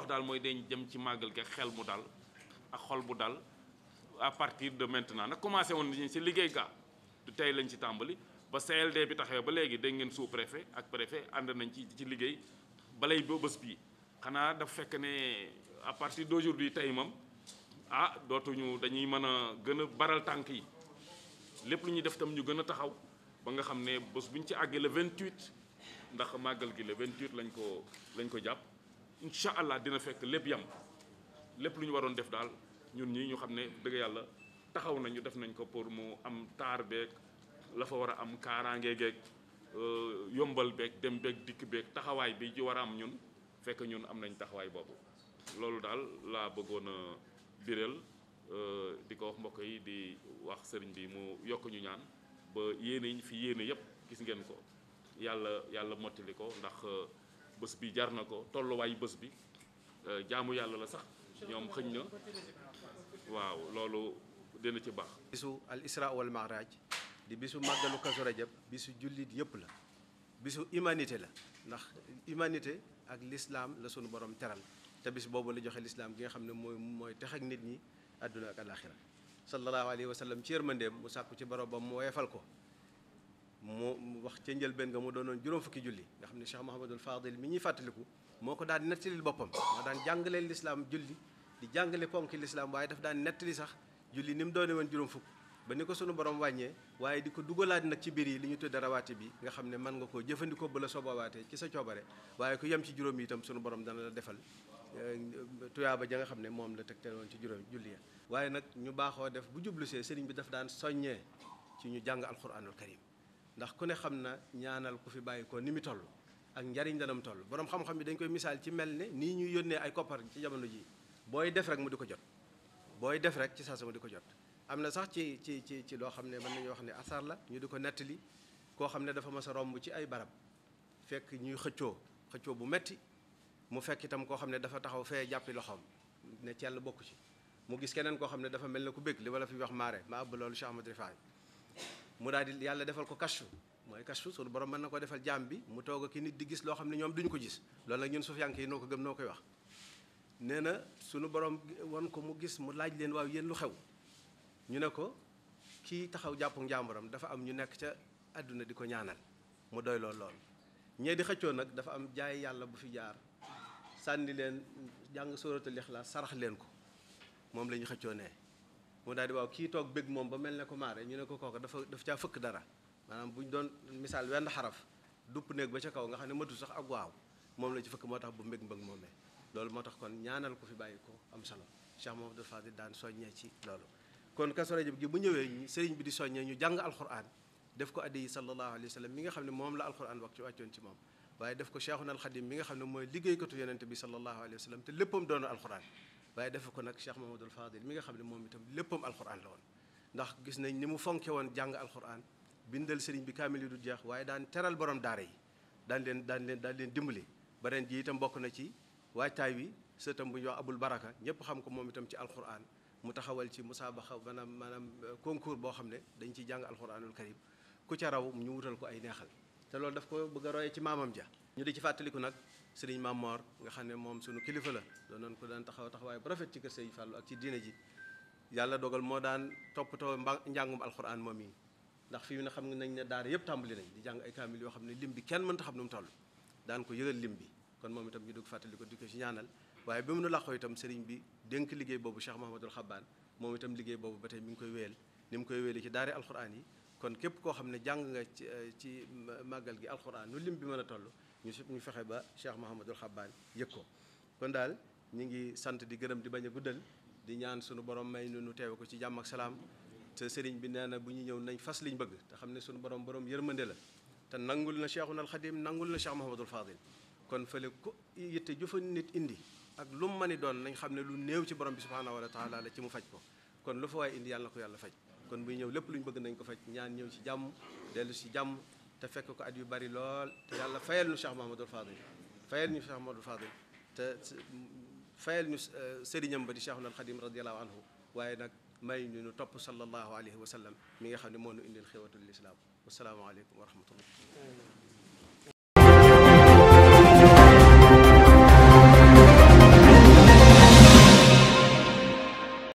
wax daal mooy dañ jëm ci màggal ga xel mu dal ak xol bu dal à partir de maintenant nag commencé woon nañu si liggéey ga lañ ci tàmbali ba CLD bi taxawee ba léegi dégg ngeen sous préfet ak préfet ànd nañ ci ci liggéey balay ba bés bii xanaa dafa fekk ne à partir d'aujourd'hui tey moom ah dootuñu dañuy mën a gën a baral tànk yi lépp lu def tam ñu gën a taxaw ba nga xam ne bés bu ñu ci àggee vingt 28 ndax màggal gi la le 28 lañ ko lañ ko jàpp. incha allah dina fekk lépp yam lépp lu ñu waroon def daal ñun ñi ñu xam ne dëgg yàlla taxaw nañu def nañ ko pour mu am taar beeg la fa war a am kaaraange geeg euh, yombal beeg dem beeg dikk beeg taxawaay bi ci war a am ñun fekk ñun am nañ taxawaay boobu. loolu daal laa bëggoon a biral euh, di ko wax mbokk yi di wax sëriñ bi mu yokk ñu ñaan ba yéene ñu fi yéene yépp gis ngeen ko yàlla yàlla mottali ko ndax. bës bi jar na ko tolluwaayu bës bi euh, jaamu yàlla la sax ñoom xëñ na waaw loolu dina ci baax. bisu al isra wal maraaj di bisu màggalu kazu rajab bisu jullit yëpp la bisu humanité la ndax humanité ak l'islam la sunu borom teral te bis boobu la joxe l'islam gi nga xam ne mooy mooy tex ak nit ñi àdduna ak alaxira sallallahu alayhi wa sallam ci yërmandeem mu sàkku ci borom ba mu woyefal ko. mu wax ca njëlbeen nga mu doonoon juróom fukki julli nga xam ne Cheikh Mouhamadul Fadil mi ñuy fàttaliku moo ko daan nettalil boppam moo daan jàngaleel lislaam julli di jàngale ponki lislaam waaye daf daan nettali sax julli ni mu doone woon juróom fukk ba ni ko sunu borom wàññee waaye di ko dugalaat nag ci biir yi li ñu tudde rawaati bi nga xam ne mën nga koo jëfandikoo ba la soboowaatee ci sa coobare waaye ku yem ci juróom yi itam sunu borom dana la defal euh, tuyaaba ja nga xam ne moom la tegtal woon ci juróom julli ya nag ñu baaxoo def bu jublu see bi daf daan soññee ci ñu jàng alquranul karim ndax ku ne xam na ñaanal ku fi bàyyi ko ni mu toll ak njariñ danam toll borom xam-xam bi dañ koy misaal ci mel ne nii ñuy yónnee ay koppar ci jamono ji booy def rek mu di ko jot booy def rek ci saa sama di ko jot am na sax ci ci ci ci loo xam ne mën nañu wax ne asar la ñu di ko nettali koo xam ne dafa mas a romb ci ay barab fekk ñuy xëccoo xëccoo bu metti mu fekk itam koo xam ne dafa taxaw fee jàppi loxoom ne ci yàlla bokku ci mu gis keneen koo xam ne dafa mel ne ku bëgg li wala fi wax maare ma ëbb loolu Cheikh Ahmad Rifaay mu daal di yàlla defal ko kashfu mooy kashfu suñu borom mën na ko defal jaam bi mu toog a ki nit di gis loo xam ne ñoom duñu ko gis loolu nag ñun sufyanke yi noo ko gëm noo koy wax nee na suñu borom wan ko mu gis mu laaj leen waaw yéen lu xew ñu ne ko kii taxaw jàppu njàmburam dafa am ñu nekk ca àdduna di ko ñaanal mu doy lool lool ñee di xëccoo nag dafa am jaay yàlla bu fi jaar sànni leen jàng sóoratul ixlaas sarax leen ko moom lañuy xëccoo nee mu daal di waaw kii toog bëgg moom ba mel ne ko maare ñu ne ko kooka dafa dafa caa fëkk dara maanaam bu ñu doon misaal wenn xaraf dupp néeg ba ca kaw nga xam ne matul sax ak waaw moom la ci fëkk moo tax bu mbég mbëg moomee loolu moo tax kon ñaanal ko fi bàyyi ko am solo Cheikh Mamadou Fadil daan soññee ci loolu kon Kazu Rajab gi bu ñëwee sëriñ bi di soññee ñu jàng alquran def ko addi yi sallallahu alayhi wa sallam ne moom la alquran wax ci wàccoon ci moom waaye def ko Cheikhuna al Khadim mi nga xam ne mooy liggéeykatu yonente bi sallallahu alayhi wa sallam te léppam doon alquran waaye defe ko nag Cheikh Mamadou Fadil mi nga xam ne moom itam léppam alxuraan la woon ndax gis nañ ni mu fonke woon jàng alxuraan bindal sëriñ bi kaamil yi du jeex waaye daan teral borom daara yi daan leen daan leen daan leen dimbali ba ren bokk na ci waajtaay wi sëtam bu ñu wax abul baraka ñëpp xam ko moom itam ci alxuraan mu taxawal ci musaabaxa maanaam maanaam euh, concours boo xam ne dañ ciy jàng alxuraanul karim ku ca raw ñu wutal ko ay neexal te loolu daf ko bëgg ci maamam ja ñu sëriñ Mamor nga xam ne moom sunu kilifa la doonoon ko daan taxaw taxawaay bu rafet ci kër sëriñ Fallou ak ci diine ji yàlla dogal moo daan toppatoo mba njàngum alxuraan moom yi ndax fi mu ne xam nañ ne daara yëpp tàmbali nañ di jàng yoo xam ne lim bi kenn mënta xam nu mu toll daan ko moom itam ñu dugg fàttali ko di ko ci ñaanal waaye bi mu nu laqoo itam sëriñ bi dénk liggéey boobu Cheikh Mahamadul Xabbaan moom itam liggéey boobu ba tey mi ngi koy wéyal ni mu koy wéyale ci daari alxuraan yi kon képp koo xam ne jàng nga ci ci màggal gi alxuraan nu lim bi mën a toll ñu si ñu fexe ba Cheikh Mouhamadul Xabbaan yëg ko kon daal ñu ngi sant di gërëm di bañ a guddal di ñaan sunu borom may nu nu teewe ko ci jàmm ak salaam te sëriñ bi nee na bu ñu ñëw nañ fas liñ bëgg te xam ne sunu borom borom yërmande la te nangul na Cheikhuna al Xadim nangul na Cheikh Mouhamadul Fadil kon fële ku yitte ju fa nit indi ak lu mu mën doon nañ xam ne lu néew ci borom bi subhaanahu wa taala la ci mu faj ko kon lu fa waaye indi yàlla ko yàlla faj kon buy ñëw lépp luñ bëgg nañ ko faj ñaan ñëw ci jàmm dellu ci jàmm te fekk ko at yu bari lool te yàlla fayal ñu Cheikh Mahamadul Fadil fayal ñu Cheikh Mahamadul Fadil te fayal ñu euh, sëriñam ba di Cheikhul Xadim radiallahu anhu waaye nag may ñu ñu topp sallallahu alayhi wa sallam mi nga xam ne moo ñu indil xéwatul islaam wasalaamualeykum wa